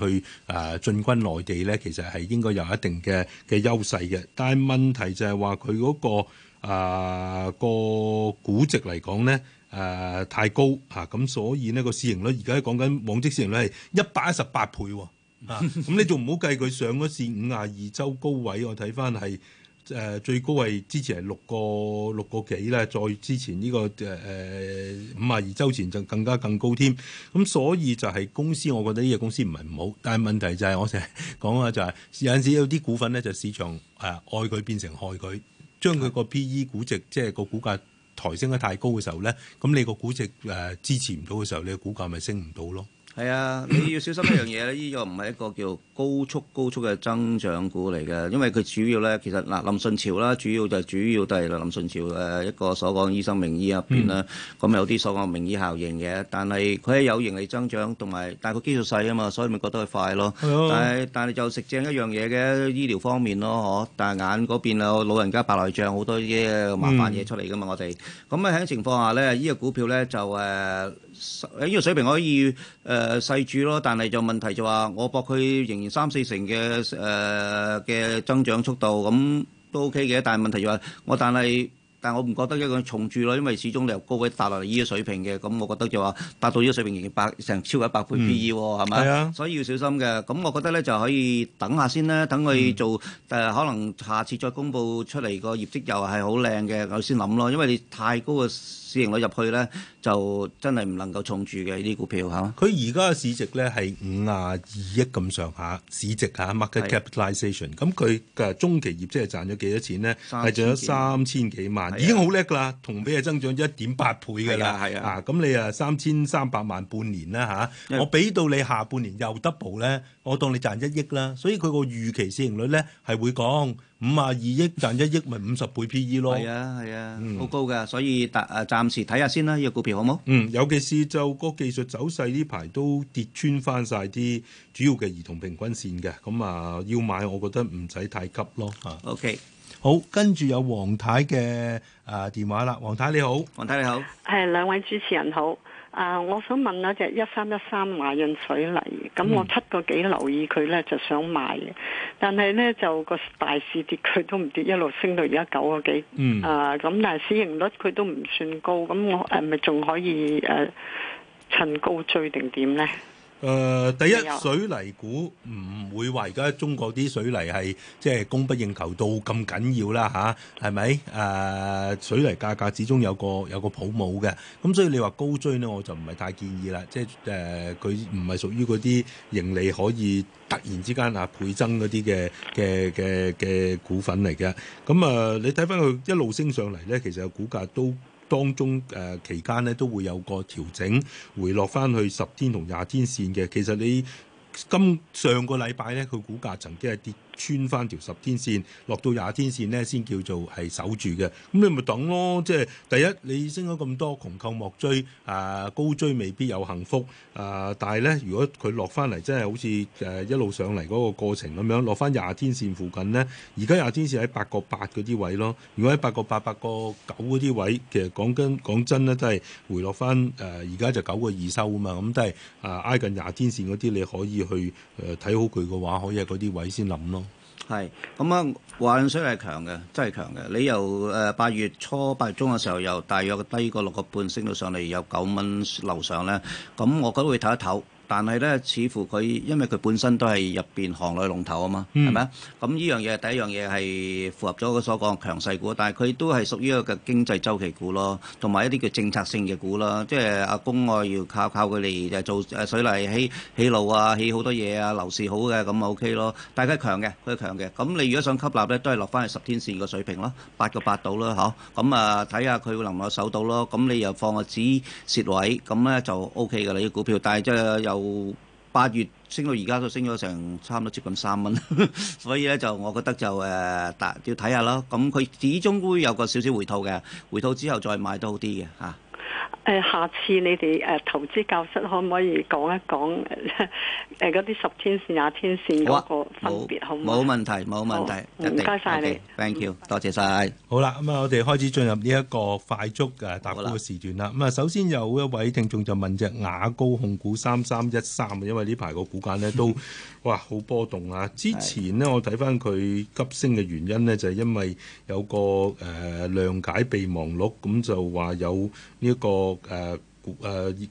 誒進軍內地咧，其實係應該有一定嘅嘅優勢嘅。但係問題就係話佢嗰個誒個估值嚟講咧。誒、呃、太高嚇，咁、啊、所以呢個市盈率而家講緊往績市盈率係一百一十八倍喎，啊！咁 你仲唔好計佢上嗰次五十二周高位，我睇翻係誒最高係之前係六個六個幾咧，再之前呢、這個誒誒五十二周前就更加更高添，咁、啊、所以就係公司，我覺得呢嘢公司唔係唔好，但係問題就係、是、我成日講啊，就係有陣時有啲股份咧就市場誒、呃、愛佢變成害佢，將佢個 P E 估值即係個股價，抬升得太高嘅時候咧，咁你個估值誒支持唔到嘅時候，你嘅股價咪升唔到咯。係啊，你要小心一樣嘢咧，呢個唔係一個叫高速高速嘅增長股嚟嘅，因為佢主要咧其實嗱，林順潮啦，主要就係主要都係林順潮嘅一個所講醫生名醫入邊啦，咁、嗯、有啲所講名醫效應嘅，但係佢係有盈利增長同埋，但係佢基礎細啊嘛，所以咪覺得佢快咯。但係但係就食正一樣嘢嘅醫療方面咯，嗬。但係眼嗰邊啊，老人家白內障好多啲麻煩嘢出嚟噶嘛，我哋咁啊喺情況下咧，呢、這個股票咧就誒。呃呢個水平可以誒細、呃、注咯，但係就問題就話我博佢仍然三四成嘅誒嘅增長速度咁、嗯、都 OK 嘅，但係問題就話我但係但我唔覺得一個重注咯，因為始終由高位打落嚟呢個水平嘅，咁、嗯嗯、我覺得就話達到呢個水平仍然百成超一百倍 P/E 喎，係咪啊？嗯、所以要小心嘅。咁、嗯、我覺得咧就可以等下先啦，等佢做誒、嗯、可能下次再公佈出嚟個業績又係好靚嘅，我先諗咯。因為你太高嘅。市盈率入去咧，就真係唔能夠重住嘅呢啲股票嚇。佢而家嘅市值咧係五啊二億咁上下，市值嚇、啊、market capitalization 咁佢嘅的中期業績係賺咗幾多錢咧？係賺咗三千幾萬，的已經好叻啦。同比係增長一點八倍㗎啦、啊。啊，咁你啊三千三百萬半年啦嚇，我俾到你下半年又 double 咧？我當你賺一億啦，所以佢個預期市盈率咧係會講五啊二億賺一億，咪五十倍 PE 咯。係啊，係啊，好、嗯、高噶，所以暫誒暫時睇下先啦，呢個股票好冇？嗯，尤其是就個技術走勢呢排都跌穿翻晒啲主要嘅移動平均線嘅，咁啊要買，我覺得唔使太急咯嚇。OK，好，跟住有黃太嘅誒、啊、電話啦，黃太你好，黃太你好，係兩位主持人好。啊！Uh, 我想問下隻一三一三華潤水泥，咁我七個幾留意佢咧，就想買嘅。但係咧就個大市跌，跌，佢都唔跌，一路升到而家九個幾。嗯。啊，咁但係市盈率佢都唔算高，咁我係咪仲可以誒趁、呃、高追定點咧？誒、呃、第一，由水泥股唔會話而家中國啲水泥係即係供不應求到咁緊要啦吓，係、啊、咪？誒、呃、水泥價格始終有個有個泡沫嘅，咁、嗯、所以你話高追呢，我就唔係太建議啦。即係誒佢唔係屬於嗰啲盈利可以突然之間啊倍增嗰啲嘅嘅嘅嘅股份嚟嘅。咁、嗯、啊、呃，你睇翻佢一路升上嚟咧，其實個股價都。當中誒期間咧都會有個調整，回落翻去十天同廿天線嘅。其實你今上個禮拜咧，佢股價曾經係跌。穿翻條十天線落到廿天線咧，先叫做係守住嘅。咁你咪等咯，即係第一你升咗咁多，窮寇莫追。誒、啊、高追未必有幸福。誒、啊，但係咧，如果佢落翻嚟，真係好似誒一路上嚟嗰個過程咁樣，落翻廿天線附近咧，而家廿天線喺八個八嗰啲位咯。如果喺八個八、八個九嗰啲位，其實講跟講真咧，都係回落翻誒。而、呃、家就九個二收啊嘛，咁都係誒挨近廿天線嗰啲，你可以去誒睇、呃、好佢嘅話，可以喺嗰啲位先諗咯。係，咁啊，運勢係強嘅，真係強嘅。你由誒八月初、八月中嘅時候，由大約低過六個半，升到上嚟有九蚊樓上咧。咁我覺得會唞一唞。但係咧，似乎佢因為佢本身都係入邊行內龍頭啊嘛，係咪啊？咁呢樣嘢係第一樣嘢係符合咗佢所講嘅強勢股，但係佢都係屬於一個經濟週期股咯，同埋一啲叫政策性嘅股咯。即係阿公愛要靠靠佢嚟就做誒水泥、起起路啊、起好多嘢啊，樓市好嘅咁 OK 咯。但係佢強嘅，佢係強嘅。咁你如果想吸納咧，都係落翻去十天線個水平咯，八個八度啦嚇。咁啊，睇下佢會能唔能夠守到咯。咁你又放個止蝕位，咁咧就 OK 㗎啦。呢個股票，但係即係又。到八月升到而家都升咗成差唔多接近三蚊， 所以咧就我覺得就誒、呃，要睇下咯。咁、嗯、佢始終會有個少少回吐嘅，回吐之後再買都好啲嘅吓。啊誒，下次你哋誒、啊、投資教室可唔可以講一講誒嗰啲十天線、廿天線嗰個分別，好唔、啊、好嗎？冇問題，冇問題，唔該晒你 okay，thank you，多謝晒。好啦，咁、嗯、啊，我哋開始進入呢一個快速嘅答股嘅時段啦。咁啊了，首先有一位聽眾就問隻雅高控股三三一三，因為呢排個股價呢都 哇好波動啊。之前呢，我睇翻佢急升嘅原因呢，就係、是、因為有個誒諒、呃呃、解備忘錄，咁就話有呢、這個個誒股誒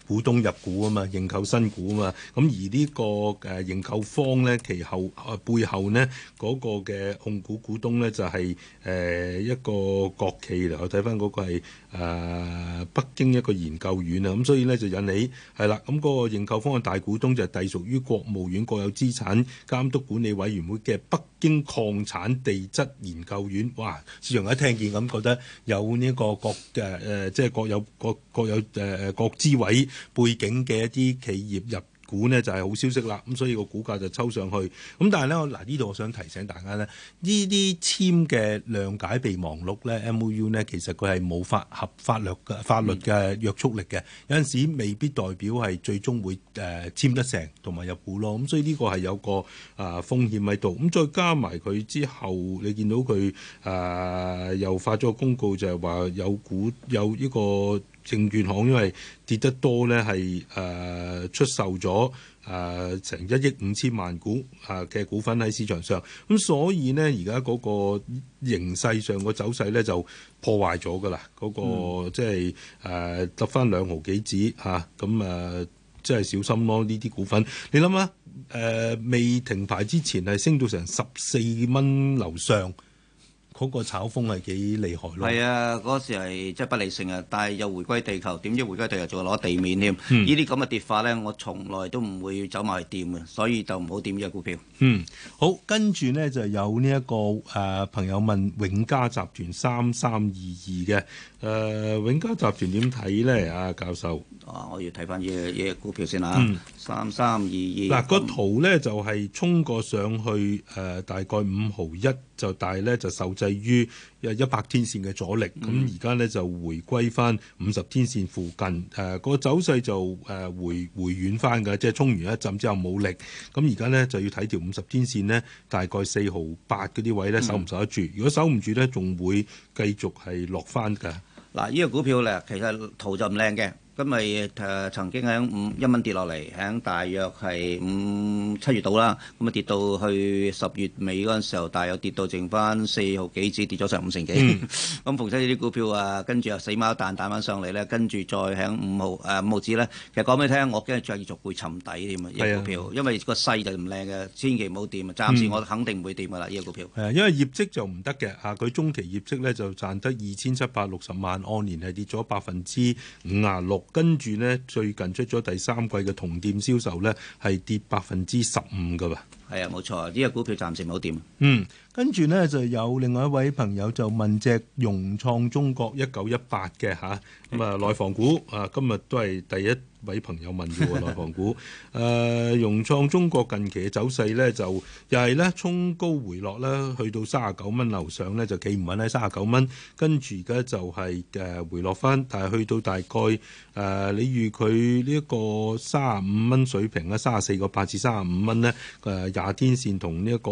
股東入股啊嘛，認購新股啊嘛，咁而呢、呢個誒認、啊、購方咧，其後誒、啊、背後咧嗰、嗰個嘅控股股東咧就係、係、誒一個國企嚟，我睇翻嗰個係。誒、uh, 北京一個研究院啊，咁所以咧就引起係啦，咁嗰個認購方案，大股東就係隸屬於國務院國有資產監督管理委員會嘅北京礦產地質研究院。哇！市場一聽見咁，覺得有呢個國誒誒，即係國有國國有誒國、呃、資委背景嘅一啲企業入股呢就係好消息啦，咁所以個股價就抽上去。咁但係咧，我嗱呢度我想提醒大家咧，呢啲簽嘅《諒解備忘錄》咧 MOU 呢，其實佢係冇法合法律嘅法律嘅約束力嘅，嗯、有陣時未必代表係最終會誒、呃、簽得成同埋入股咯。咁所以呢個係有個啊、呃、風險喺度。咁再加埋佢之後，你見到佢誒、呃、又發咗個公告，就係話有股有呢個。證券行因為跌得多咧，係誒、呃、出售咗誒、呃、成一億五千萬股誒嘅、呃、股份喺市場上，咁、嗯、所以呢，而家嗰個形勢上個走勢咧就破壞咗噶啦，嗰、那個、嗯、即係誒得返兩毫幾子嚇，咁誒即係小心咯呢啲股份。你諗下、啊，誒、呃、未停牌之前係升到成十四蚊樓上。嗰個炒風係幾厲害咯？係啊，嗰、那個、時係即係不理性啊！但係又回歸地球，點知回歸地球仲攞地面添？呢啲咁嘅跌法呢，我從來都唔會走埋去掂嘅，所以就唔好掂呢隻股票。嗯，好，跟住呢就有呢、這、一個誒、呃、朋友問永嘉集團三三二二嘅誒永嘉集團點睇呢？」啊，教授，啊我要睇翻呢呢隻股票先啦。嗯三三二二嗱個圖咧就係、是、衝過上去誒、呃，大概五毫一就大呢，大係咧就受制於一百天線嘅阻力。咁而家咧就回歸翻五十天線附近誒，呃嗰個走勢就誒回回軟翻嘅，即係衝完一陣之後冇力。咁而家咧就要睇條五十天線咧，大概四毫八嗰啲位咧守唔守得住？嗯、如果守唔住咧，仲會繼續係落翻㗎。嗱、啊，呢、呢個股票咧，其實圖就唔靚嘅。今日誒曾經喺五一蚊跌落嚟，喺大約係五七月度啦，咁啊跌到去十月尾嗰陣時候，大約跌到剩翻四毫幾紙，跌咗成五成幾。咁逢親呢啲股票啊，跟住又死貓彈彈翻上嚟咧，跟住再喺五毫誒五毫紙咧，其實講俾你聽，我驚再繼續會沉底添啊！呢個股票，因為個勢就唔靚嘅，千祈唔好掂啊！暫時我肯定唔會掂噶啦，呢、嗯、個股票。係啊，因為業績就唔得嘅嚇，佢中期業績咧就賺得二千七百六十萬，按年係跌咗百分之五啊六。跟住呢，最近出咗第三季嘅同店銷售呢，係跌百分之十五㗎喎。係啊，冇錯，呢個股票暫時冇掂。嗯，跟住呢，就有另外一位朋友就問隻融創中國一九一八嘅吓，咁啊內房股啊，今日都係第一位朋友問過內房股，誒、呃、融創中國近期嘅走勢咧，就又係咧衝高回落啦，去到三十九蚊樓上咧就企唔穩喺三十九蚊，跟住而家就係誒回落翻，但係去到大概誒、呃、你預佢呢一個三十五蚊水平啊，三十四個八至三十五蚊咧，誒廿天線同呢一個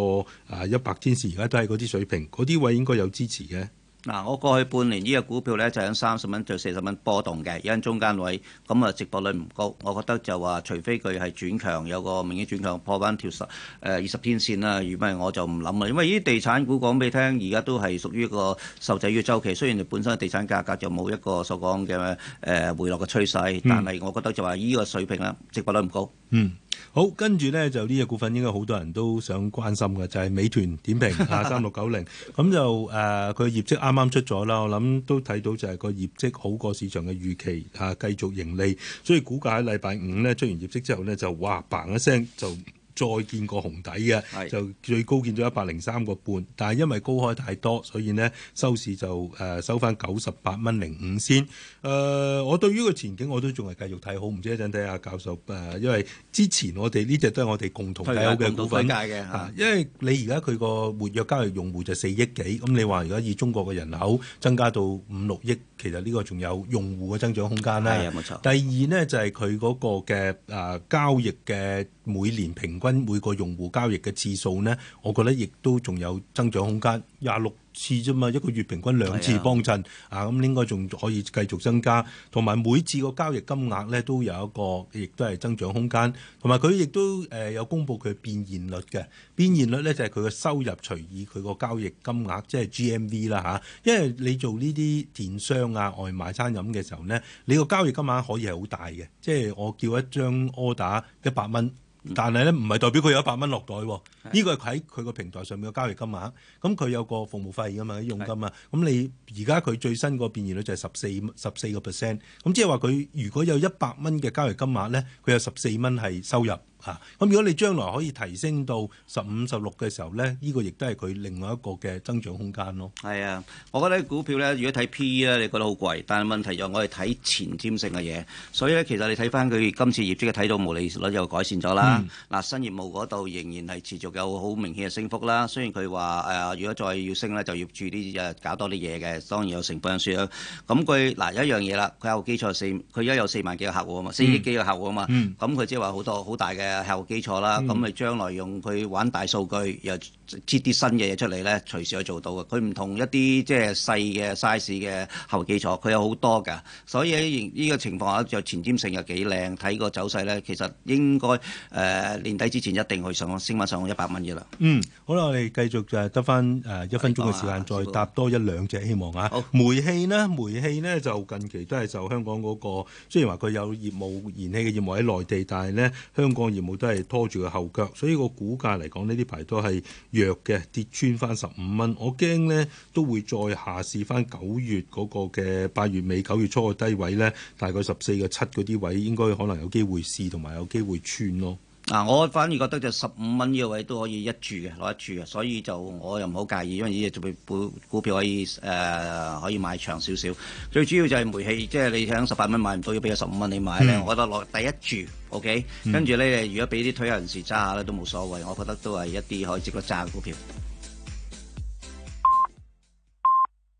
誒一百天線而家都喺嗰啲水平，嗰啲位應該有支持嘅。嗱，我過去半年呢、這個股票咧就喺三十蚊至四十蚊波動嘅，喺中間位，咁啊值博率唔高，我覺得就話除非佢係轉強，有個明顯轉強破翻條十誒二十天線啦，如果唔係我就唔諗啦，因為呢啲地產股講俾你聽，而家都係屬於一個受制於周期，雖然本身地產價格就冇一個所講嘅誒回落嘅趨勢，但係我覺得就話依個水平咧值博率唔高。嗯。好，跟住呢就呢個股份應該好多人都想關心嘅，就係、是、美團點評嚇三六九零，咁 就誒佢、呃、業績啱啱出咗啦，我諗都睇到就係個業績好過市場嘅預期嚇、啊，繼續盈利，所以股價喺禮拜五呢，出完業績之後呢，就哇嘭一聲就，再見過紅底嘅，是的 就最高見到一百零三個半，但係因為高開太多，所以呢收市就誒、呃、收翻九十八蚊零五先。誒、呃，我對於個前景我都仲係繼續睇好，唔知一陣睇下教授誒、呃，因為之前我哋呢隻都係我哋共同持有嘅股份，共同推介嘅嚇。嗯、因為你而家佢個活躍交易用戶就四億幾，咁、嗯、你話如果以中國嘅人口增加到五六億，其實呢個仲有用戶嘅增長空間咧。係冇錯。錯，第二呢，就係佢嗰個嘅誒交易嘅每年平均。跟每個用戶交易嘅次數呢，我覺得亦都仲有增長空間。廿六次啫嘛，一個月平均兩次幫襯的啊，咁、嗯、應該仲可以繼續增加。同埋每次個交易金額呢，都有一個亦都係增長空間。同埋佢亦都誒有公布佢變現率嘅變現率呢，就係佢嘅收入除以佢個交易金額，即係 GMV 啦、啊、嚇。因為你做呢啲電商啊、外賣餐飲嘅時候呢，你個交易金額可以係好大嘅。即係我叫一張 order 一百蚊。但係咧，唔係代表佢有一百蚊落袋喎，呢的個係喺佢個平台上面嘅交易金額。咁佢有個服務費㗎嘛，佣金啊。咁的你而家佢最新個變現率就係十四蚊，十四個 percent。咁即係話佢如果有一百蚊嘅交易金額咧，佢有十四蚊係收入。嚇！咁、啊、如果你將來可以提升到十五、十六嘅時候咧，呢、這個亦都係佢另外一個嘅增長空間咯。係啊，我覺得股票咧，如果睇 P/E 咧，你覺得好貴，但係問題就我哋睇前瞻性嘅嘢。所以咧，其實你睇翻佢今次業績嘅睇到毛利率又改善咗啦。嗱、嗯啊，新業務嗰度仍然係持續有好明顯嘅升幅啦。雖然佢話誒，如果再要升咧，就要注啲搞多啲嘢嘅，當然有成本因素啦，咁佢嗱有一樣嘢啦，佢有基礎四，佢而家有四萬幾個客戶啊嘛，四億幾個客戶啊嘛。咁佢即係話好多好大嘅。誒後基礎啦，咁咪將來用佢玩大數據，又切啲新嘅嘢出嚟咧，隨時可以做到嘅。佢唔同一啲即係細嘅 size 嘅後基礎，佢有好多㗎。所以喺呢個情況下，就前瞻性又幾靚。睇個走勢咧，其實應該誒年底之前一定去上升翻上一百蚊嘅啦。嗯，好啦，我哋繼續就係得翻誒一分鐘嘅時間，再搭多一兩隻，希望啊。好，煤氣咧，煤氣咧就近期都係就香港嗰個，雖然話佢有業務燃氣嘅業務喺內地，但係咧香港。全部都係拖住個後腳，所以個股價嚟講，呢啲牌都係弱嘅，跌穿翻十五蚊。我驚呢都會再下試翻九月嗰個嘅八月尾九月初個低位呢，大概十四個七嗰啲位，應該可能有機會試同埋有機會穿咯。嗱、啊，我反而覺得就十五蚊呢個位都可以一注嘅攞一注嘅，所以就我又唔好介意，因為呢隻股股票可以誒、呃、可以買長少少，最主要就係煤氣，即係你響十八蚊買唔到，要俾個十五蚊你買咧，嗯、我覺得攞第一注，OK，嗯、跟住咧如果俾啲退休人士揸下咧都冇所謂，我覺得都係一啲可以值得揸嘅股票。